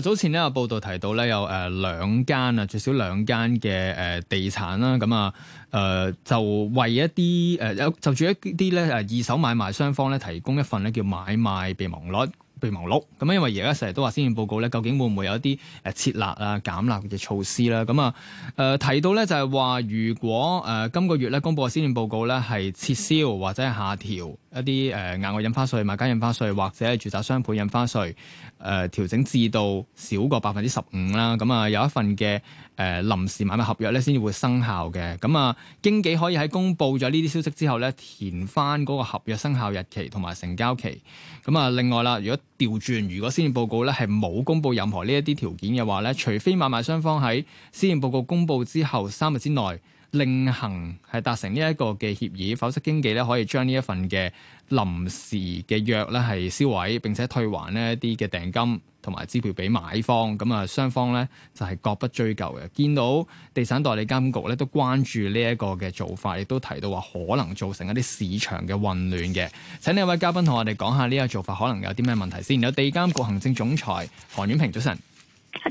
早前有報道提到咧，有誒兩間啊，最、呃、少兩間嘅誒地產啦，咁啊誒就為一啲誒有就住一啲咧誒二手買賣雙方咧提供一份咧叫買賣備忘錄，備忘錄，咁因為而家成日都話施政報告咧，究竟會唔會有一啲誒撤辣啊減辣嘅措施啦。咁啊誒提到咧就係、是、話如果誒、呃、今個月咧公布嘅施政報告咧係撤銷或者係下調。一啲誒額外印花稅、買家印花稅或者係住宅雙倍印花稅誒、呃、調整至到少過百分之十五啦，咁啊有一份嘅誒、呃、臨時買賣合約咧先至會生效嘅，咁啊經紀可以喺公佈咗呢啲消息之後咧填翻嗰個合約生效日期同埋成交期，咁啊另外啦，如果調轉，如果先驗報告咧係冇公佈任何呢一啲條件嘅話咧，除非買賣雙方喺先驗報告公佈之後三日之內。另行係達成呢一個嘅協議，否則經紀咧可以將呢一份嘅臨時嘅約咧係銷毀，並且退還呢一啲嘅訂金同埋支票俾買方。咁啊，雙方咧就係各不追究嘅。見到地產代理監局咧都關注呢一個嘅做法，亦都提到話可能造成一啲市場嘅混亂嘅。請兩位嘉賓同我哋講下呢一個做法可能有啲咩問題先。有地監局行政總裁韓婉萍，早晨。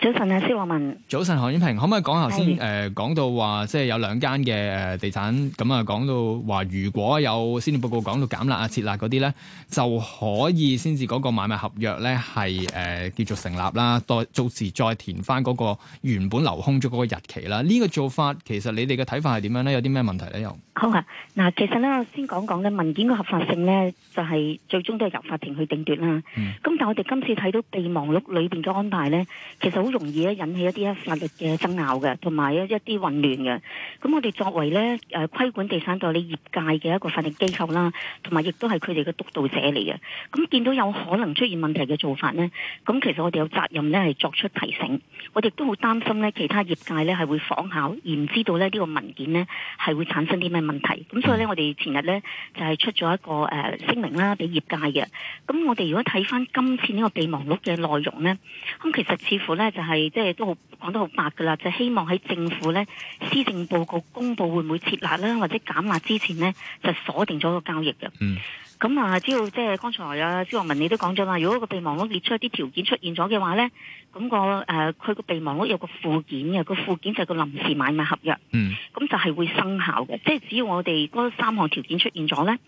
早晨啊，施華文。早晨，韓婉萍，可唔可以講頭先誒講到話，即係有兩間嘅誒地產咁啊，講到話如果有先念報告講到減辣啊、撤辣嗰啲咧，就可以先至嗰個買賣合約咧係誒叫做成立啦。到，到時再填翻嗰個原本留空咗嗰個日期啦。呢個做法其實你哋嘅睇法係點樣咧？有啲咩問題咧？又好啊。嗱，其實咧我先講講咧文件嘅合法性咧，就係最終都係由法庭去定奪啦。咁但係我哋今次睇到備忘錄裏邊嘅安排咧，其實。其實好容易咧引起一啲法律嘅爭拗嘅，同埋一啲混亂嘅。咁我哋作為呢，誒、啊、規管地產代理業界嘅一個法定機構啦，同埋亦都係佢哋嘅督導者嚟嘅。咁見到有可能出現問題嘅做法呢，咁其實我哋有責任呢係作出提醒。我哋都好擔心呢，其他業界呢係會仿效，而唔知道呢呢、呢個文件呢係會產生啲咩問題。咁所以呢，我哋前日呢就係、是、出咗一個誒聲、呃、明啦，俾業界嘅。咁我哋如果睇翻今次呢個備忘錄嘅內容呢，咁其實似乎。咧就係即係都講得好白噶啦，就是就是，希望喺政府咧施政報告公布會唔會設立啦，或者減立之前咧就鎖，是，定咗個交易嘅。嗯，咁啊，只要即係剛才啊，朱耀文你都講咗啦，如果個備忘錄列出一啲條件出現咗嘅話咧，咁，那個誒佢個備忘錄有個附件嘅，那個附件就係個臨時買賣合約。嗯，咁就係會生效嘅，即、就、係、是，只要我哋嗰三項條件出現咗咧。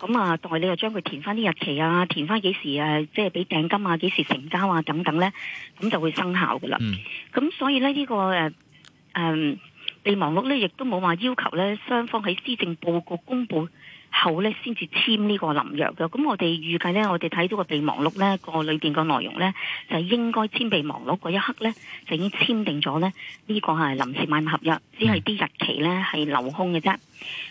咁啊，代理又將佢填翻啲日期啊，填翻幾時啊，即係俾訂金啊，幾時成交啊，等等咧，咁就會生效噶啦。咁、嗯、所以咧、這個，呢個誒，嗯，備忘錄咧，亦都冇話要求咧，雙方喺施政報告公布，後咧先至簽呢個臨約嘅，咁我哋預計咧，我哋睇到個備忘錄咧個裏邊個內容咧，就係、是、應該簽備忘錄嗰一刻咧就已經簽訂咗咧呢個係臨時買賣合約，只係啲日期咧係留空嘅啫。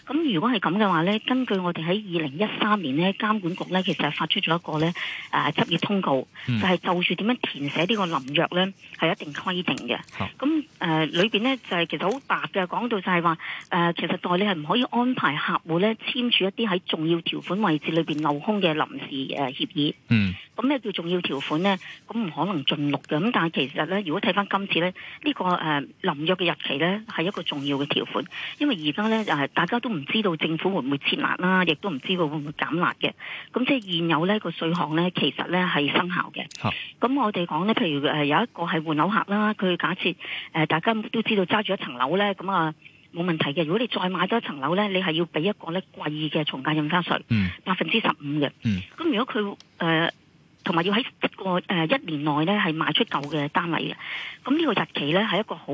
咁如果係咁嘅話咧，根據我哋喺二零一三年咧監管局咧其實係發出咗一個咧誒執業通告，就係、是、就住點樣填寫呢個臨約咧係一定規定嘅。咁誒、呃、裏邊咧就係、是、其實好白嘅，講到就係話誒其實代理係唔可以安排客戶咧簽署。一啲喺重要條款位置裏邊漏空嘅臨時誒協議，咁咩、嗯、叫重要條款咧？咁唔可能盡錄嘅。咁但係其實咧，如果睇翻今次咧，呢、這個誒臨、呃、約嘅日期咧係一個重要嘅條款，因為而家咧大家都唔知道政府會唔會撤辣啦，亦都唔知道會唔會減辣嘅。咁即係現有呢、那個稅項咧，其實咧係生效嘅。咁、啊、我哋講咧，譬如誒有一個係換樓客啦，佢假設誒、呃、大家都知道揸住一層樓咧，咁啊。呃冇問題嘅。如果你再買多一層樓咧，你係要俾一個咧貴嘅重價印花稅，百分之十五嘅。咁的、嗯、如果佢誒同埋要喺一個、呃、一年內咧，係賣出舊嘅單位嘅。咁呢個日期咧係一個好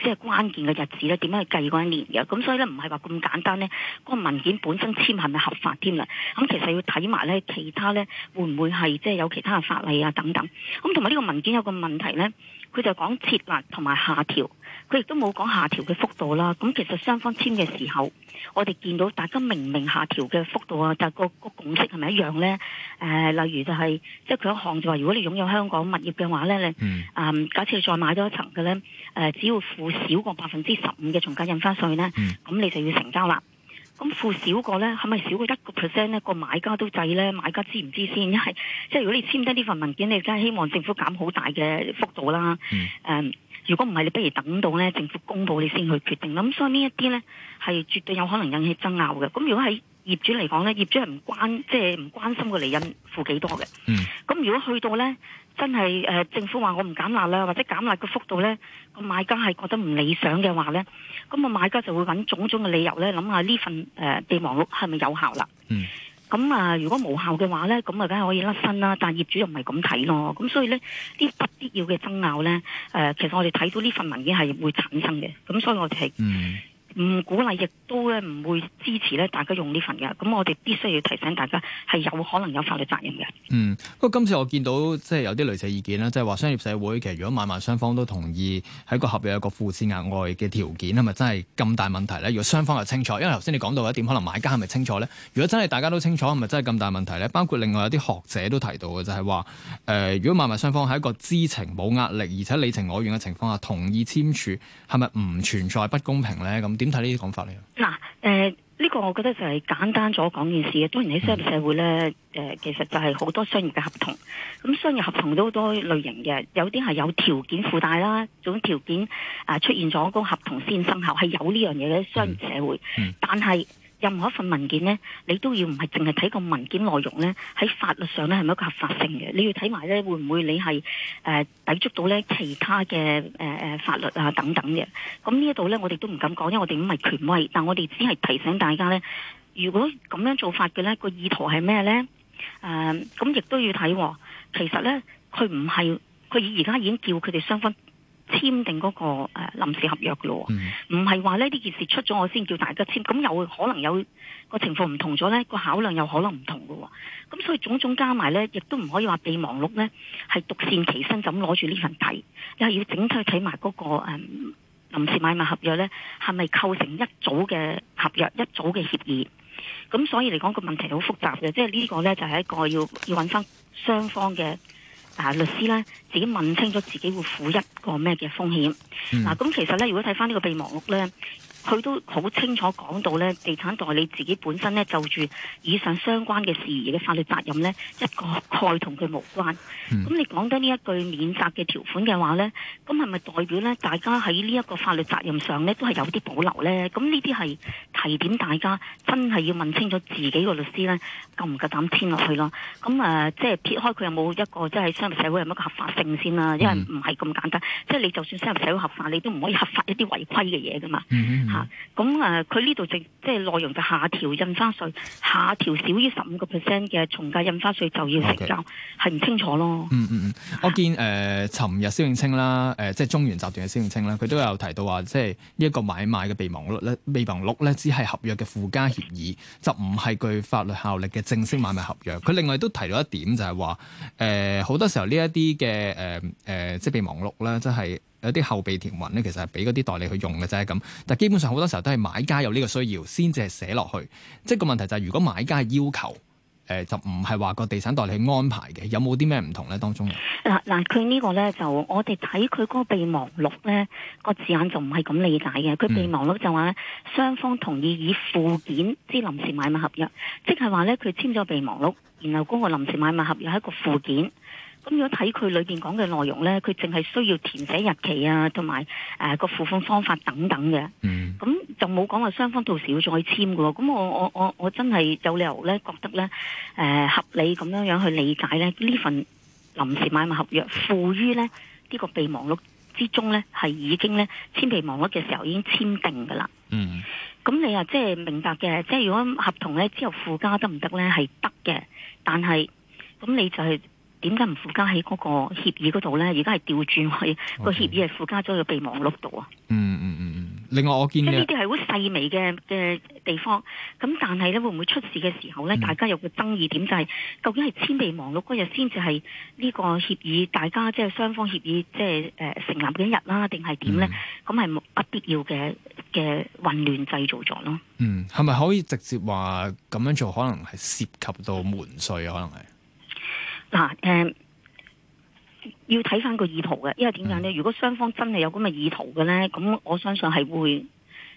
即係關鍵嘅日子咧，點樣去計嗰一年嘅？咁所以咧唔係話咁簡單咧，嗰、嗰個文件本身簽係咪合法添啦？咁其實要睇埋咧其他咧會唔會係即係有其他嘅法例啊等等。咁同埋呢個文件有個問題咧。佢就講設立同埋下調，佢亦都冇講下調嘅幅度啦。咁其實雙方簽嘅時候，我哋見到大家明明下調嘅幅度啊，就個個共識係咪一樣呢？誒，例如就係即係佢一項就話，如果你擁有香港物業嘅話呢，你嗯，假設你再買多一層嘅呢，只要付少過百分之十五嘅從價印花稅呢，咁、嗯、你就要成交啦。咁付少過咧，係咪少過一個 percent 咧？個買家都制咧，買家知唔知先？因為即係如果你簽得呢份文件，你真係希望政府減好大嘅幅度啦。Mm. 呃，如果唔係，你不如等到咧政府公布你先去決定。咁所以呢一啲咧係絕對有可能引起爭拗嘅。咁如果喺業主嚟講咧，業主係唔關，即係唔關心個厘印費幾多嘅。咁、嗯、如果去到咧，真係誒、呃，政府話我唔減辣啦，或者減辣個幅度咧，個買家係覺得唔理想嘅話咧，咁個買家就會揾種種嘅理由咧，諗下呢份誒備忘錄係咪有效啦。咁啊、嗯呃，如果無效嘅話咧，咁啊，梗係可以甩身啦。但業主又唔係咁睇咯。咁所以咧，啲不必要嘅爭拗咧，誒、呃，其實我哋睇到呢份文件係會產生嘅。咁所以我哋係。嗯唔鼓勵亦都咧，唔會支持咧，大家用呢份嘅。咁我哋必須要提醒大家，係有可能有法律責任嘅。嗯，不過今次我見到即係有啲類似嘅意見啦，即係話商業社會其實如果買賣雙方都同意喺個合約有個附設額外嘅條件，係咪真係咁大問題咧？如果雙方係清楚，因為頭先你講到一點，可能買家係咪清楚咧？如果真係大家都清楚，係咪真係咁大問題咧？包括另外有啲學者都提到嘅，就係、是、話，誒、呃，如果買賣雙方喺一個知情冇壓力，而且你情我願嘅情況下同意簽署，係咪唔存在不公平咧？咁？點睇呢啲講法呢？嗱、嗯，誒、呃，呢個我覺得就係簡單咗講件事嘅。當然喺商業社會呢，誒、呃，其實就係好多商業嘅合同。咁商業合同都好多類型嘅，有啲係有條件附帶啦，總之條件啊出現咗，個合同先生效，係有呢樣嘢嘅商業社會。嗯嗯、但係。任何一份文件呢，你都要唔係淨係睇個文件內容呢，喺法律上呢，係咪一個合法性嘅？你要睇埋呢，會唔會你係誒、呃、抵觸到呢其他嘅誒誒法律啊等等嘅。咁呢一度呢，我哋都唔敢講，因為我哋唔係權威，但我哋只係提醒大家呢，如果咁樣做法嘅呢個意圖係咩呢？誒、呃，咁亦都要睇、哦，其實呢，佢唔係佢而家已經叫佢哋雙方。簽訂嗰個誒臨時合約嘅咯，唔係話呢，呢件事出咗我先叫大家簽，咁又可能有個情況唔同咗呢，個考量又可能唔同嘅，咁所以種種加埋呢，亦都唔可以話備忘錄呢，係獨善其身咁攞住呢份提，又係要整體睇埋嗰個、嗯、臨時買賣合約呢，係咪構成一組嘅合約，一組嘅協議，咁所以嚟講，個問題好複雜嘅，即係呢個呢，就係、是、一個要要揾翻雙方嘅。啊！律師咧，自己問清楚自己會負一個咩嘅風險。嗱、嗯，咁其實咧，如果睇翻呢個備忘錄咧，佢都好清楚講到咧，地產代理自己本身咧就住以上相關嘅事宜嘅法律責任咧，一個概同佢無關。咁、嗯、你講得呢一句免責嘅條款嘅話咧，咁係咪代表咧，大家喺呢一個法律責任上咧，都係有啲保留咧？咁呢啲係。提點，大家真係要問清楚自己個律師咧，夠唔夠膽簽落去咯？咁誒、呃，即係撇開佢有冇一個即係商業社會有冇一個合法性先啦，因為唔係咁簡單。嗯、即係你就算商業社會合法，你都唔可以合法一啲違規嘅嘢㗎嘛，咁誒，佢呢度即係內容就下調印花稅，下調少於十五個 percent 嘅重價印花稅就要成交，係唔 Okay. 清楚咯。嗯嗯、我見誒，尋、呃、日蕭永清啦，誒、呃，即係中原集團嘅蕭永清啦，佢都有提到話，即係呢一個買賣嘅備忘錄咧，備忘錄咧係合約嘅附加協議，就唔係具法律效力嘅正式買賣合約。佢另外都提到一點就是說，就係話，誒好多時候呢一啲嘅誒誒即備忘錄咧，即係有啲後備條文咧，其實係俾嗰啲代理去用嘅啫。咁、就是，但係基本上好多時候都係買家有呢個需要，先至係寫落去。即個問題就係、是，如果買家係要求。誒、呃，就唔係話個地產代理安排嘅，有冇啲咩唔同咧？當中嗱嗱，佢呢個咧就我哋睇佢嗰個備忘錄咧，個字眼就唔係咁理解嘅。佢備忘錄就話咧，雙方同意以附件之臨時買賣合約，即係話咧佢簽咗備忘錄，然後嗰個臨時買賣合約係一個附件。咁如果睇佢裏邊講嘅內容咧，佢淨係需要填寫日期啊，同埋誒個付款方法等等嘅。嗯。咁。就冇講話雙方到時要再簽嘅，咁我我我我真係有理由咧，覺得咧，誒、呃、合理咁樣樣去理解咧，呢份臨時買賣合約附於咧呢、這個備忘錄之中咧，係已經咧簽備忘錄嘅時候已經簽訂㗎啦。嗯、mm，咁、hmm. 你啊即係明白嘅，即、就、係、是、如果合同咧之後附加得唔得咧係得嘅，但係咁你就係點解唔附加喺嗰個協議嗰度咧？而家係調轉去 Okay. 個協議係附加咗個備忘錄度啊？嗯嗯嗯嗯。Hmm. 另外，我見呢啲係好細微嘅嘅地方，咁但係咧，會唔會出事嘅時候咧，大家有個爭議點、嗯、就係、是，究竟係簽備忘錄嗰日先至係呢個協議，大家即係、就是、雙方協議，即係誒成立嗰一日啦，定係點咧？咁係不必要嘅嘅混亂製造咗咯。嗯，係咪可以直接話咁樣做，可能係涉及到門稅啊？可能係嗱誒。要睇翻個意圖嘅，因為點解咧？如果雙方真係有咁嘅意圖嘅咧，咁我相信係會……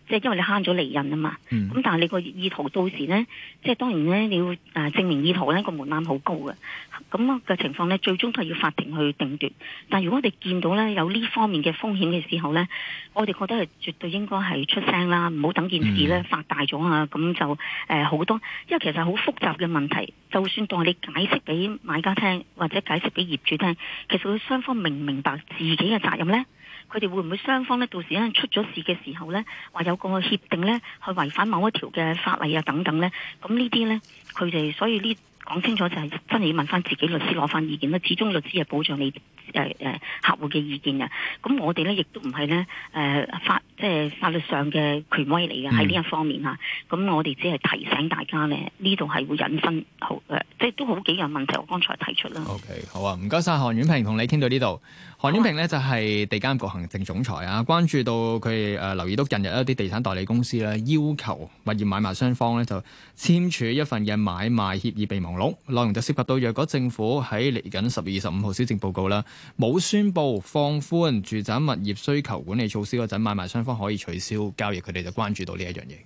即係因為你慳咗利潤啊嘛，咁、嗯、但係你個意圖到時呢，即係當然呢，你要啊證明意圖呢個門檻好高嘅，咁嘅情況呢，最終都係要法庭去定奪。但係如果我哋見到呢，有呢方面嘅風險嘅時候呢，我哋覺得係絕對應該係出聲啦，唔好等件事呢發大咗啊，咁、嗯、就誒好、呃、多，因為其實好複雜嘅問題，就算當你解釋俾買家聽或者解釋俾業主聽，其實佢雙方明唔明白自己嘅責任呢？佢哋會唔會雙方咧？到時一出咗事嘅時候咧，話有個協定咧，去違反某一條嘅法例啊等等咧，咁呢啲咧，佢哋所以呢？講清楚就係真係要問翻自己律師攞翻意見啦。始終律師係保障你誒誒，呃呃、客戶嘅意見啊。咁我哋咧亦都唔係咧誒法，即係法律上嘅權威嚟嘅，喺呢一方面嚇。咁、嗯、我哋只係提醒大家咧，呢度係會引申好誒，即係都好幾樣問題我剛才提出啦。OK，好啊，唔該晒。韓婉萍同你傾到呢度。韓婉萍咧就係、是、地監局行政總裁啊，關注到佢誒、呃、留意到近日一啲地產代理公司咧要求物業買賣雙方咧就簽署一份嘅買賣協議備忘。內容就涉及到，若果政府喺嚟緊十月二十五號施政報告啦，冇宣布放寬住宅物業需求管理措施嗰陣，買賣雙方可以取消交易，佢哋就關注到呢一樣嘢。